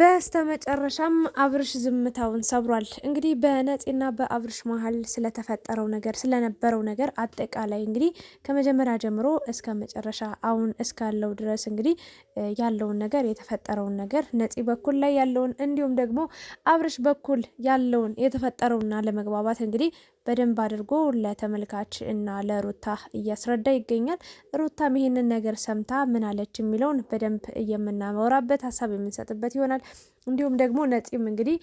በስተመጨረሻም አብርሽ ዝምታውን ሰብሯል። እንግዲህ በነፂና በአብርሽ መሀል ስለተፈጠረው ነገር ስለነበረው ነገር አጠቃላይ እንግዲህ ከመጀመሪያ ጀምሮ እስከ መጨረሻ አሁን እስካለው ድረስ እንግዲህ ያለውን ነገር የተፈጠረውን ነገር ነፂ በኩል ላይ ያለውን እንዲሁም ደግሞ አብርሽ በኩል ያለውን የተፈጠረውና ለመግባባት እንግዲህ በደንብ አድርጎ ለተመልካች እና ለሩታ እያስረዳ ይገኛል። ሩታም ይህንን ነገር ሰምታ ምን አለች የሚለውን በደንብ የምናወራበት ሀሳብ የምንሰጥበት ይሆናል። እንዲሁም ደግሞ ነፂም እንግዲህ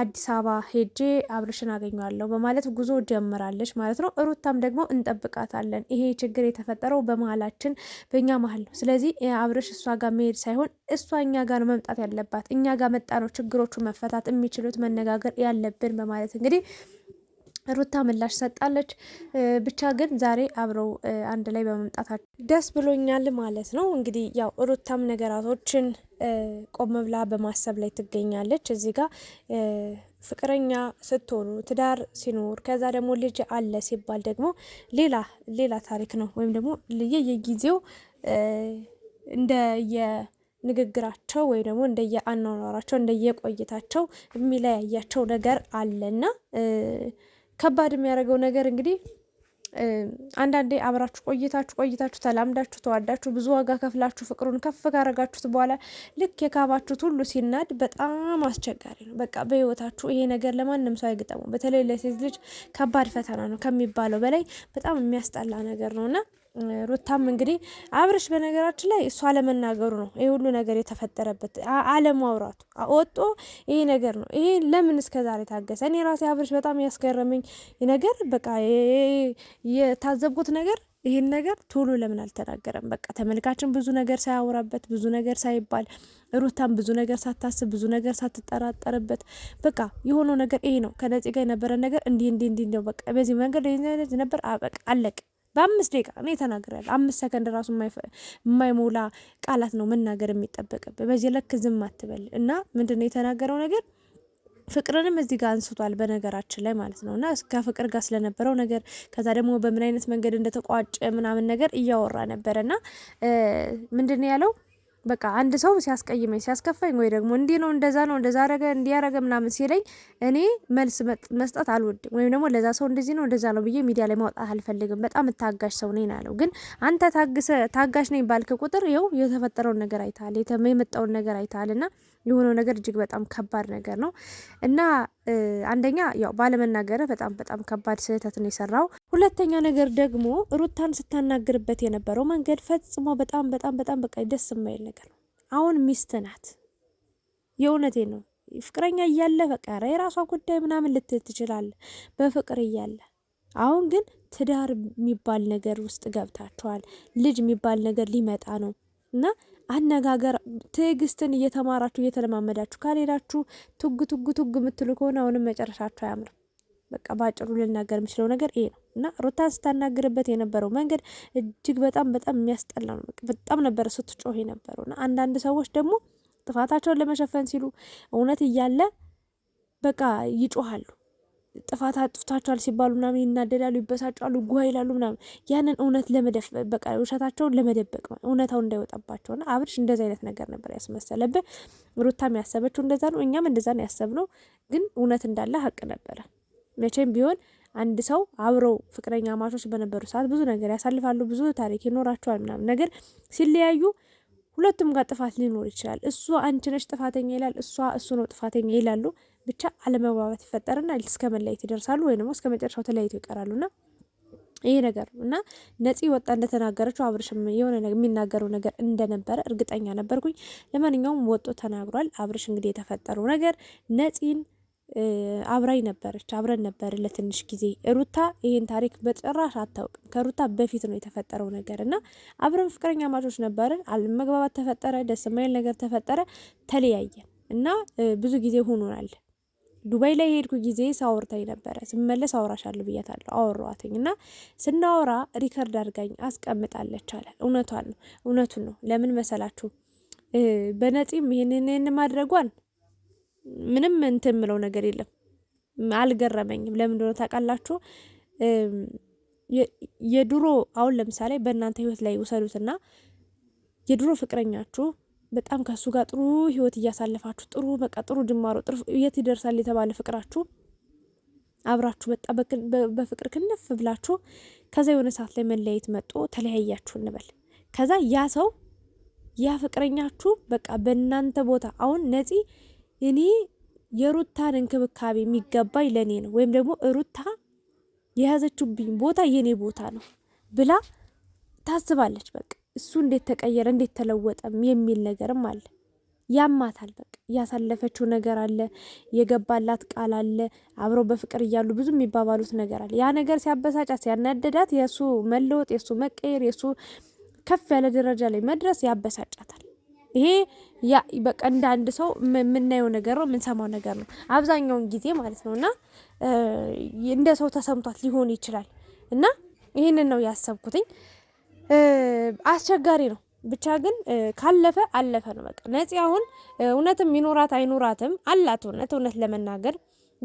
አዲስ አበባ ሄጄ አብርሽን አገኘዋለሁ በማለት ጉዞ ጀምራለች ማለት ነው። ሩታም ደግሞ እንጠብቃታለን። ይሄ ችግር የተፈጠረው በመሀላችን በእኛ መሀል ነው። ስለዚህ አብርሽ እሷ ጋር መሄድ ሳይሆን እሷ እኛ ጋር መምጣት ያለባት እኛ ጋር መጣ ነው ችግሮቹ መፈታት የሚችሉት መነጋገር ያለብን በማለት እንግዲህ ሩታ ምላሽ ሰጣለች። ብቻ ግን ዛሬ አብረው አንድ ላይ በመምጣታቸው ደስ ብሎኛል ማለት ነው። እንግዲህ ያው ሩታም ነገራቶችን ቆም ብላ በማሰብ ላይ ትገኛለች። እዚህ ጋር ፍቅረኛ ስትሆኑ ትዳር ሲኖር ከዛ ደግሞ ልጅ አለ ሲባል ደግሞ ሌላ ሌላ ታሪክ ነው። ወይም ደግሞ የየጊዜው እንደ ንግግራቸው ወይ ደግሞ እንደየአኗኗራቸው እንደየቆይታቸው የሚለያያቸው ነገር አለና ከባድ የሚያደርገው ነገር እንግዲህ አንዳንዴ አብራችሁ ቆይታችሁ ቆይታችሁ ተላምዳችሁ ተዋዳችሁ ብዙ ዋጋ ከፍላችሁ ፍቅሩን ከፍ ካረጋችሁት በኋላ ልክ የካባችሁት ሁሉ ሲናድ በጣም አስቸጋሪ ነው። በቃ በህይወታችሁ ይሄ ነገር ለማንም ሰው አይግጠሙ። በተለይ ለሴት ልጅ ከባድ ፈተና ነው ከሚባለው በላይ በጣም የሚያስጠላ ነገር እና ሩታም እንግዲህ አብርሽ በነገራችን ላይ እሷ አለመናገሩ ነው ይህ ሁሉ ነገር የተፈጠረበት፣ አለማውራቱ ወጦ ይሄ ነገር ነው። ይሄ ለምን እስከ ዛሬ ታገሰ? እኔ ራሴ አብርሽ በጣም ያስገረመኝ ነገር በቃ የታዘብኩት ነገር ይህን ነገር ቶሎ ለምን አልተናገረም? በቃ ተመልካችን ብዙ ነገር ሳያወራበት ብዙ ነገር ሳይባል ሩታም ብዙ ነገር ሳታስብ ብዙ ነገር ሳትጠራጠርበት በቃ የሆነው ነገር ይሄ ነው። ከነጽ ጋር የነበረ ነገር እንዲህ እንዲህ እንዲህ ነው በቃ በዚህ መንገድ ነበር አበቃ አለቅ በአምስት ደቂቃ ነው ተናግሬያል። አምስት ሰከንድ ራሱ የማይሞላ ቃላት ነው መናገር የሚጠበቅብህ። በዚህ ለክ ዝም አትበል እና ምንድነው የተናገረው ነገር ፍቅርንም እዚህ ጋር አንስቷል በነገራችን ላይ ማለት ነው እና ከፍቅር ጋር ስለነበረው ነገር ከዛ ደግሞ በምን አይነት መንገድ እንደተቋጨ ምናምን ነገር እያወራ ነበረ እና ምንድን ነው ያለው በቃ አንድ ሰው ሲያስቀይመኝ ሲያስከፋኝ፣ ወይ ደግሞ እንዲህ ነው እንደዛ ነው እንደዛ አረገ እንዲያረገ ምናምን ሲለኝ እኔ መልስ መስጠት አልወድም። ወይም ደግሞ ለዛ ሰው እንደዚህ ነው እንደዛ ነው ብዬ ሚዲያ ላይ ማውጣት አልፈልግም። በጣም እታጋሽ ሰው ነኝ ያለው። ግን አንተ ታጋሽ ነኝ ባልክ ቁጥር ይኸው የተፈጠረውን ነገር አይተሃል፣ የመጣውን ነገር አይተሃል። እና የሆነው ነገር እጅግ በጣም ከባድ ነገር ነው እና አንደኛ ያው ባለመናገር በጣም በጣም ከባድ ስህተት ነው የሰራው። ሁለተኛ ነገር ደግሞ ሩታን ስታናግርበት የነበረው መንገድ ፈጽሞ በጣም በጣም በጣም በቃ ደስ የማይል ነገር አሁን ሚስት ናት። የእውነቴ ነው። ፍቅረኛ እያለ በቃ የራሷ ጉዳይ ምናምን ልትል ትችላለ፣ በፍቅር እያለ አሁን ግን ትዳር የሚባል ነገር ውስጥ ገብታችኋል። ልጅ የሚባል ነገር ሊመጣ ነው እና አነጋገር ትዕግስትን እየተማራችሁ እየተለማመዳችሁ ካልሄዳችሁ ቱግ ቱግ ቱግ የምትሉ ከሆነ አሁንም መጨረሻችሁ አያምርም። በቃ ባጭሩ ልናገር የምችለው ነገር ይሄ ነው። እና ሩታ ስታናግርበት የነበረው መንገድ እጅግ በጣም በጣም የሚያስጠላ ነው። በጣም ነበረ ስትጮህ የነበረው እና አንዳንድ ሰዎች ደግሞ ጥፋታቸውን ለመሸፈን ሲሉ እውነት እያለ በቃ ይጮሃሉ። ጥፋት አጥፍታቸዋል ሲባሉ ምናምን ይናደዳሉ፣ ይበሳጫሉ፣ ጓ ይላሉ ምናምን ያንን እውነት ለመደበቅ በቃ ውሸታቸውን ለመደበቅ እንዳይወጣባቸው እንዳይወጣባቸውና አብርሽ እንደዚ አይነት ነገር ነበር ያስመሰለብን። ሩታም ያሰበችው እንደዛ ነው፣ እኛም እንደዛ ነው ያሰብነው። ግን እውነት እንዳለ ሀቅ ነበረ መቼም ቢሆን አንድ ሰው አብረው ፍቅረኛ ማቾች በነበሩ ሰዓት ብዙ ነገር ያሳልፋሉ፣ ብዙ ታሪክ ይኖራቸዋል ምናምን ነገር ሲለያዩ ሁለቱም ጋር ጥፋት ሊኖር ይችላል። እሷ አንቺ ነሽ ጥፋተኛ ይላል፣ እሷ እሱ ነው ጥፋተኛ ይላሉ። ብቻ አለመግባባት ይፈጠርና እስከ መለያየት ይደርሳሉ፣ ወይ ደግሞ እስከ መጨረሻው ተለያይቶ ይቀራሉና ይሄ ነገር እና ነፂ ወጣ እንደተናገረችው አብርሽም የሆነ የሚናገረው ነገር እንደነበረ እርግጠኛ ነበርኩኝ። ለማንኛውም ወጦ ተናግሯል አብርሽ። እንግዲህ የተፈጠረው ነገር ነፂን አብራኝ ነበረች፣ አብረን ነበር ለትንሽ ጊዜ። ሩታ ይህን ታሪክ በጭራሽ አታውቅም። ከሩታ በፊት ነው የተፈጠረው ነገር እና አብረን ፍቅረኛ ማቾች ነበርን። አለመግባባት ተፈጠረ፣ ደስ የማይል ነገር ተፈጠረ፣ ተለያየን እና ብዙ ጊዜ ሆኖናል። ዱባይ ላይ የሄድኩ ጊዜ ሳወርታኝ ነበረ። ስመለስ አውራሻለሁ ብያታለሁ። አወራዋትኝ እና ስናወራ ሪከርድ አድርጋኝ አስቀምጣለች አለ። እውነቷን ነው፣ እውነቱን ነው። ለምን መሰላችሁ በነፂም ይህንን ማድረጓን ምንም እንትን ምለው ነገር የለም። አልገረመኝም። ለምን እንደሆነ ታውቃላችሁ? የድሮ አሁን ለምሳሌ በእናንተ ህይወት ላይ ውሰዱትና የድሮ ፍቅረኛችሁ በጣም ከእሱ ጋር ጥሩ ህይወት እያሳለፋችሁ ጥሩ በቃ ጥሩ ጅማሮ ጥሩ የት ይደርሳል የተባለ ፍቅራችሁ አብራችሁ በጣ በፍቅር ክንፍ ብላችሁ ከዛ የሆነ ሰዓት ላይ መለያየት መጦ ተለያያችሁ እንበል። ከዛ ያ ሰው ያ ፍቅረኛችሁ በቃ በእናንተ ቦታ አሁን ነፂ እኔ የሩታን እንክብካቤ የሚገባኝ ለእኔ ነው ወይም ደግሞ ሩታ የያዘችብኝ ቦታ የእኔ ቦታ ነው ብላ ታስባለች። በቃ እሱ እንዴት ተቀየረ እንዴት ተለወጠም የሚል ነገርም አለ። ያማታል። በቃ ያሳለፈችው ነገር አለ፣ የገባላት ቃል አለ፣ አብረው በፍቅር እያሉ ብዙ የሚባባሉት ነገር አለ። ያ ነገር ሲያበሳጫት ሲያናደዳት፣ የእሱ መለወጥ፣ የእሱ መቀየር፣ የእሱ ከፍ ያለ ደረጃ ላይ መድረስ ያበሳጫታል። ይሄ ያ በቃ እንደ አንድ ሰው የምናየው ነገር ነው፣ የምንሰማው ነገር ነው አብዛኛውን ጊዜ ማለት ነው። እና እንደ ሰው ተሰምቷት ሊሆን ይችላል። እና ይህንን ነው ያሰብኩትኝ። አስቸጋሪ ነው ብቻ ግን ካለፈ አለፈ ነው በቃ። ነፂ አሁን እውነትም ይኖራት አይኖራትም አላት እውነት እውነት ለመናገር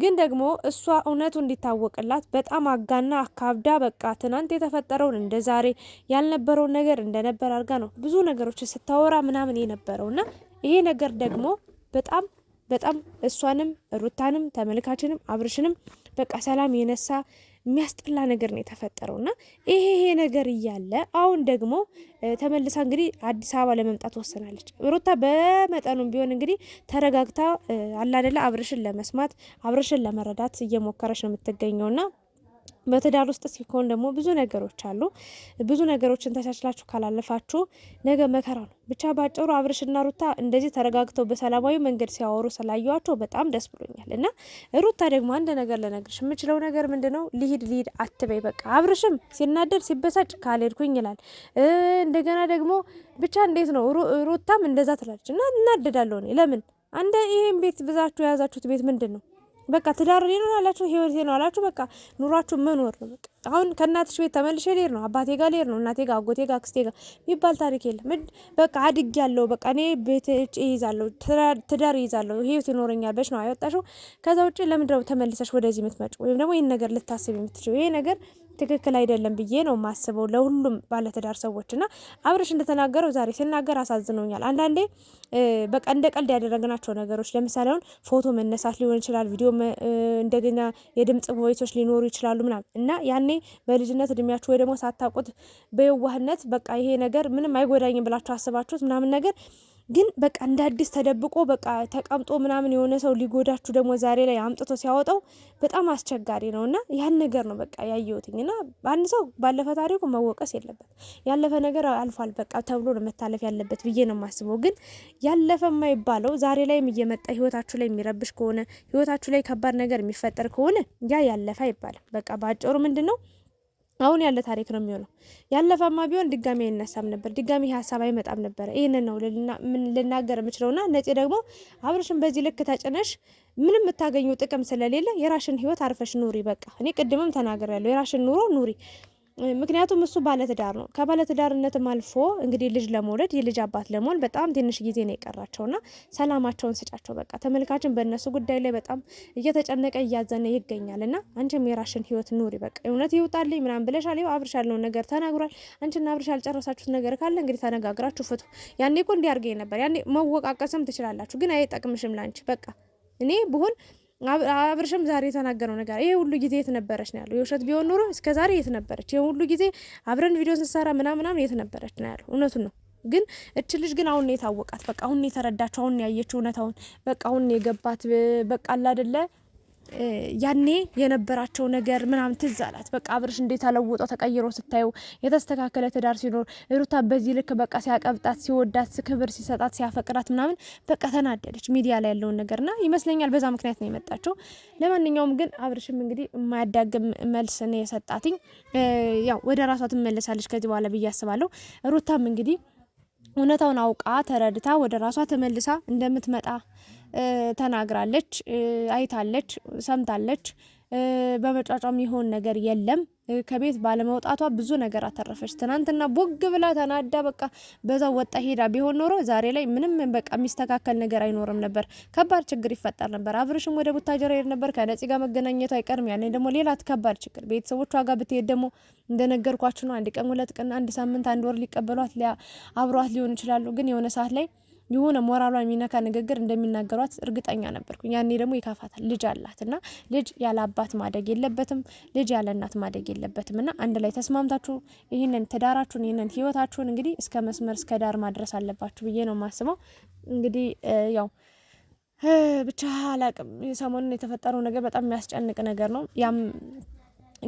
ግን ደግሞ እሷ እውነቱ እንዲታወቅላት በጣም አጋና አካብዳ በቃ ትናንት የተፈጠረውን እንደ ዛሬ ያልነበረውን ነገር እንደነበር አድርጋ ነው ብዙ ነገሮች ስታወራ ምናምን የነበረውና ይሄ ነገር ደግሞ በጣም በጣም እሷንም ሩታንም ተመልካችንም አብርሽንም በቃ ሰላም የነሳ የሚያስጠላ ነገር ነው የተፈጠረው እና ይሄ ይሄ ነገር እያለ አሁን ደግሞ ተመልሳ እንግዲህ አዲስ አበባ ለመምጣት ወሰናለች። ሩታ በመጠኑም ቢሆን እንግዲህ ተረጋግታ አላደላ አብርሽን ለመስማት አብርሽን ለመረዳት እየሞከረች ነው የምትገኘውና በትዳር ውስጥ ሲሆን ደግሞ ብዙ ነገሮች አሉ። ብዙ ነገሮችን ተቻችላችሁ ካላለፋችሁ ነገ መከራ ነው። ብቻ ባጭሩ አብርሽና ሩታ እንደዚህ ተረጋግተው በሰላማዊ መንገድ ሲያወሩ ስላየዋቸው በጣም ደስ ብሎኛል። እና ሩታ ደግሞ አንድ ነገር ልነግርሽ የምችለው ነገር ምንድን ነው፣ ልሂድ ልሂድ አትበይ። በቃ አብርሽም ሲናደድ ሲበሳጭ ካልሄድኩኝ ይላል። እንደገና ደግሞ ብቻ እንዴት ነው ሩታም እንደዛ ትላለች እና እናደዳለሁ እኔ ለምን አንደ ይሄን ቤት ብዛችሁ የያዛችሁት ቤት ምንድን ነው በቃ ትዳር እኔ ነው አላችሁ፣ ህይወቴ ነው አላችሁ፣ በቃ ኑሯችሁ መኖር ነው። በቃ አሁን ከእናትሽ ቤት ተመልሼ ልሄድ ነው፣ አባቴ ጋር ልሄድ ነው፣ እናቴ ጋር፣ አጎቴ ጋር፣ አክስቴ ጋር የሚባል ታሪክ የለም። በቃ አድግ ያለው በቃ እኔ ቤት ይይዛለሁ፣ ትዳር ይይዛለሁ፣ ህይወት ይኖረኛል በሽ ነው ያወጣሽው። ከዛ ውጭ ለምንድነው ተመልሰሽ ወደዚህ የምትመጪው? ወይም ደግሞ ይህን ነገር ልታስብ የምትችው ይሄ ነገር ትክክል አይደለም ብዬ ነው ማስበው ለሁሉም ባለትዳር ሰዎች እና አብረሽ እንደተናገረው ዛሬ ሲናገር አሳዝኖኛል። አንዳንዴ በቃ እንደ ቀልድ ያደረግናቸው ነገሮች ለምሳሌ አሁን ፎቶ መነሳት ሊሆን ይችላል፣ ቪዲዮ እንደገና የድምጽ ቮይሶች ሊኖሩ ይችላሉ ምናምን እና ያኔ በልጅነት እድሜያችሁ ወይ ደግሞ ሳታውቁት በየዋህነት በቃ ይሄ ነገር ምንም አይጎዳኝም ብላችሁ አስባችሁት ምናምን ነገር ግን በቃ እንደ አዲስ ተደብቆ በቃ ተቀምጦ ምናምን የሆነ ሰው ሊጎዳችሁ ደግሞ ዛሬ ላይ አምጥቶ ሲያወጣው በጣም አስቸጋሪ ነው እና ያን ነገር ነው በቃ ያየሁትኝ። እና አንድ ሰው ባለፈ ታሪኩ መወቀስ የለበት ያለፈ ነገር አልፏል በቃ ተብሎ ነው መታለፍ ያለበት ብዬ ነው የማስበው። ግን ያለፈ የማይባለው ዛሬ ላይም እየመጣ ህይወታችሁ ላይ የሚረብሽ ከሆነ ህይወታችሁ ላይ ከባድ ነገር የሚፈጠር ከሆነ ያ ያለፈ አይባልም። በቃ በአጭሩ ምንድን ነው አሁን ያለ ታሪክ ነው የሚሆነው። ያለፈማ ቢሆን ድጋሚ አይነሳም ነበር፣ ድጋሚ ሀሳብ አይመጣም ነበረ። ይህንን ነው ልናገር ና ነፂ ደግሞ አብርሽን በዚህ ልክ ተጭነሽ ምንም የምታገኙ ጥቅም ስለሌለ የራሽን ህይወት አርፈሽ ኑሪ። በቃ እኔ ቅድምም ተናገር ያለው የራሽን ኑሮ ኑሪ። ምክንያቱም እሱ ባለትዳር ነው። ከባለትዳርነትም አልፎ እንግዲህ ልጅ ለመውለድ የልጅ አባት ለመሆን በጣም ትንሽ ጊዜ ነው የቀራቸውና ሰላማቸውን ስጫቸው። በቃ ተመልካችን በእነሱ ጉዳይ ላይ በጣም እየተጨነቀ እያዘነ ይገኛል። እና አንቺም የራሽን ህይወት ኑሪ፣ በቃ እውነት ይውጣልኝ ምናምን ብለሻል። ይኸው አብርሽ ያለውን ነገር ተናግሯል። አንቺና አብርሽ ያልጨረሳችሁት ነገር ካለ እንግዲህ ተነጋግራችሁ ፍቱ። ያኔ እኮ እንዲያርገኝ ነበር። ያኔ መወቃቀስም ትችላላችሁ፣ ግን አይጠቅምሽም ላንቺ በቃ እኔ ብሆን አብርሽም ዛሬ የተናገረው ነገር ይሄ ሁሉ ጊዜ የት ነበረች ነው ያለው። የውሸት ቢሆን ኖሮ እስከ ዛሬ የት ነበረች? ይሄ ሁሉ ጊዜ አብረን ቪዲዮ ስንሰራ ምናምናም የት ነበረች ነው ያለው። እውነቱን ነው። ግን እች ልጅ ግን አሁን የታወቃት። በቃ አሁን የተረዳችው። አሁን ነው ያየችው እውነታውን። በቃ አሁን የገባት። በቃ አላደለ ያኔ የነበራቸው ነገር ምናምን ትዝ አላት። በቃ አብርሽ እንዴት ተለውጦ ተቀይሮ ስታየው የተስተካከለ ትዳር ሲኖር ሩታ በዚህ ልክ በቃ ሲያቀብጣት፣ ሲወዳት፣ ክብር ሲሰጣት፣ ሲያፈቅራት ምናምን በቃ ተናደደች። ሚዲያ ላይ ያለውን ነገርና ይመስለኛል በዛ ምክንያት ነው የመጣቸው። ለማንኛውም ግን አብርሽም እንግዲህ የማያዳግም መልስ ነው የሰጣትኝ። ያው ወደ ራሷ ትመለሳለች ከዚህ በኋላ ብዬ አስባለሁ። ሩታም እንግዲህ እውነታውን አውቃ ተረድታ ወደ ራሷ ተመልሳ እንደምትመጣ ተናግራለች፣ አይታለች፣ ሰምታለች። በመጫጫም የሆን ነገር የለም። ከቤት ባለመውጣቷ ብዙ ነገር አተረፈች። ትናንትና ቦግ ብላ ተናዳ በቃ በዛ ወጣ ሄዳ ቢሆን ኖሮ ዛሬ ላይ ምንም በቃ የሚስተካከል ነገር አይኖርም ነበር። ከባድ ችግር ይፈጠር ነበር። አብርሽም ወደ ቡታጀራ ሄድ ነበር። ከነፂ ጋር መገናኘቱ አይቀርም። ያኔ ደግሞ ሌላ ከባድ ችግር ቤተሰቦቿ ጋር ብትሄድ ደግሞ እንደነገርኳችሁ ነው። አንድ ቀን፣ ሁለት ቀን፣ አንድ ሳምንት፣ አንድ ወር ሊቀበሏት አብሯት ሊሆን ይችላሉ። ግን የሆነ ሰዓት ላይ የሆነ ሞራሏን የሚነካ ንግግር እንደሚናገሯት እርግጠኛ ነበርኩ። ያኔ ደግሞ ይካፋታል። ልጅ አላት እና ልጅ ያለ አባት ማደግ የለበትም፣ ልጅ ያለ እናት ማደግ የለበትም እና አንድ ላይ ተስማምታችሁ ይህንን ትዳራችሁን ይህንን ህይወታችሁን እንግዲህ እስከ መስመር እስከ ዳር ማድረስ አለባችሁ ብዬ ነው ማስበው። እንግዲህ ያው ብቻ አላቅም። ሰሞኑን የተፈጠረው ነገር በጣም የሚያስጨንቅ ነገር ነው። ያም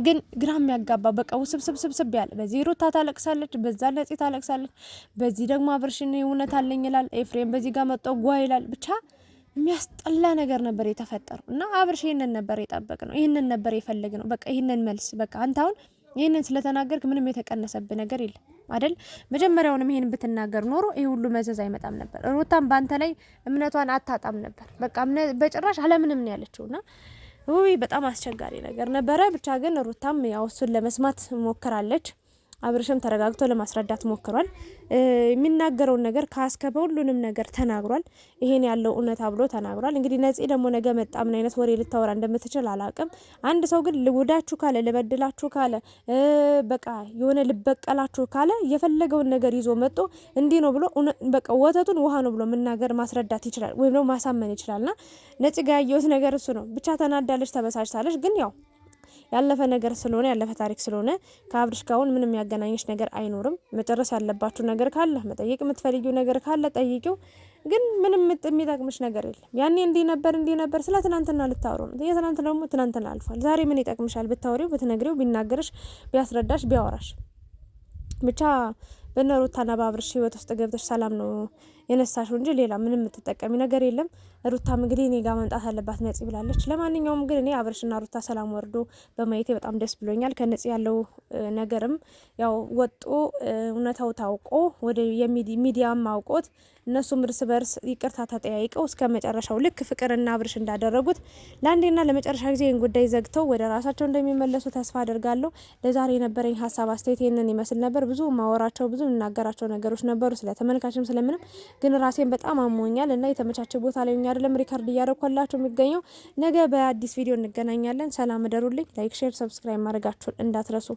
ግን ግራ የሚያጋባ በቃ ውስብስብ ስብስብ ያለ በዚህ ሩታ ታለቅሳለች፣ በዛ ነፂ ታለቅሳለች፣ በዚህ ደግሞ አብርሽን እውነት አለኝ ይላል፣ ኤፍሬም በዚህ ጋር መጣው ጓ ይላል። ብቻ የሚያስጠላ ነገር ነበር የተፈጠረው እና አብርሽ ይህንን ነበር የጠበቅ ነው፣ ይህንን ነበር የፈለግ ነው። በቃ ይህንን መልስ በቃ አንተ አሁን ይህንን ስለተናገርክ ምንም የተቀነሰብህ ነገር የለም አይደል? መጀመሪያውንም ይህን ብትናገር ኖሮ ይህ ሁሉ መዘዝ አይመጣም ነበር። ሩታም በአንተ ላይ እምነቷን አታጣም ነበር። በቃ በጭራሽ አለምንም ነው ያለችውና ውይ በጣም አስቸጋሪ ነገር ነበረ። ብቻ ግን ሩታም ያው እሱን ለመስማት ሞክራለች። አብርሽም ተረጋግቶ ለማስረዳት ሞክሯል። የሚናገረውን ነገር ካስከበ ሁሉንም ነገር ተናግሯል። ይሄን ያለው እውነታ ብሎ ተናግሯል። እንግዲህ ነፂ ደግሞ ነገ መጣ ምን አይነት ወሬ ልታወራ እንደምትችል አላቅም። አንድ ሰው ግን ልውዳችሁ ካለ ልበድላችሁ ካለ በቃ የሆነ ልበቀላችሁ ካለ የፈለገውን ነገር ይዞ መጦ እንዲህ ነው ብሎ በቃ ወተቱን ውሃ ነው ብሎ መናገር ማስረዳት ይችላል፣ ወይም ደግሞ ማሳመን ይችላልና ነፂ ጋ ያየሁት ነገር እሱ ነው። ብቻ ተናዳለች፣ ተበሳጭታለች ግን ያው ያለፈ ነገር ስለሆነ ያለፈ ታሪክ ስለሆነ ከአብርሽ ጋውን ምንም ያገናኘሽ ነገር አይኖርም። መጨረስ ያለባችሁ ነገር ካለ መጠየቅ የምትፈልጊው ነገር ካለ ጠይቂው። ግን ምንም የሚጠቅምሽ ነገር የለም። ያኔ እንዲህ ነበር እንዲህ ነበር ስለ ትናንትና ልታወሩ ነው። የትናንት ደግሞ ትናንትና አልፏል። ዛሬ ምን ይጠቅምሻል? ብታወሪው፣ ብትነግሪው፣ ቢናገርሽ፣ ቢያስረዳሽ፣ ቢያወራሽ ብቻ በነሩታና በአብርሽ ህይወት ውስጥ ገብተሽ ሰላም ነው የነሳሽው እንጂ ሌላ ምንም የምትጠቀሚ ነገር የለም። ሩታ እንግዲህ እኔ ጋር መምጣት አለባት ነጽ ብላለች። ለማንኛውም ግን እኔ አብርሽና ሩታ ሰላም ወርዶ በማየቴ በጣም ደስ ብሎኛል። ከነጽ ያለው ነገርም ያው ወጦ እውነታው ታውቆ ወደ ሚዲያም አውቆት እነሱም እርስ በርስ ይቅርታ ተጠያይቀው እስከ መጨረሻው ልክ ፍቅርና አብርሽ እንዳደረጉት ለአንዴና ለመጨረሻ ጊዜ ይህን ጉዳይ ዘግተው ወደ ራሳቸው እንደሚመለሱ ተስፋ አድርጋለሁ ለዛሬ የነበረኝ ሀሳብ አስተያየት ይህንን ይመስል ነበር። ብዙ ማወራቸው ብዙ የምናገራቸው ነገሮች ነበሩ፣ ስለ ተመልካችም ስለምንም። ግን ራሴን በጣም አሞኛል እና የተመቻቸ ቦታ ላይ ኛ አይደለም ሪከርድ እያደረኳላቸው የሚገኘው። ነገ በአዲስ ቪዲዮ እንገናኛለን። ሰላም እደሩልኝ። ላይክ፣ ሼር፣ ሰብስክራይብ ማድረጋችሁን እንዳትረሱ።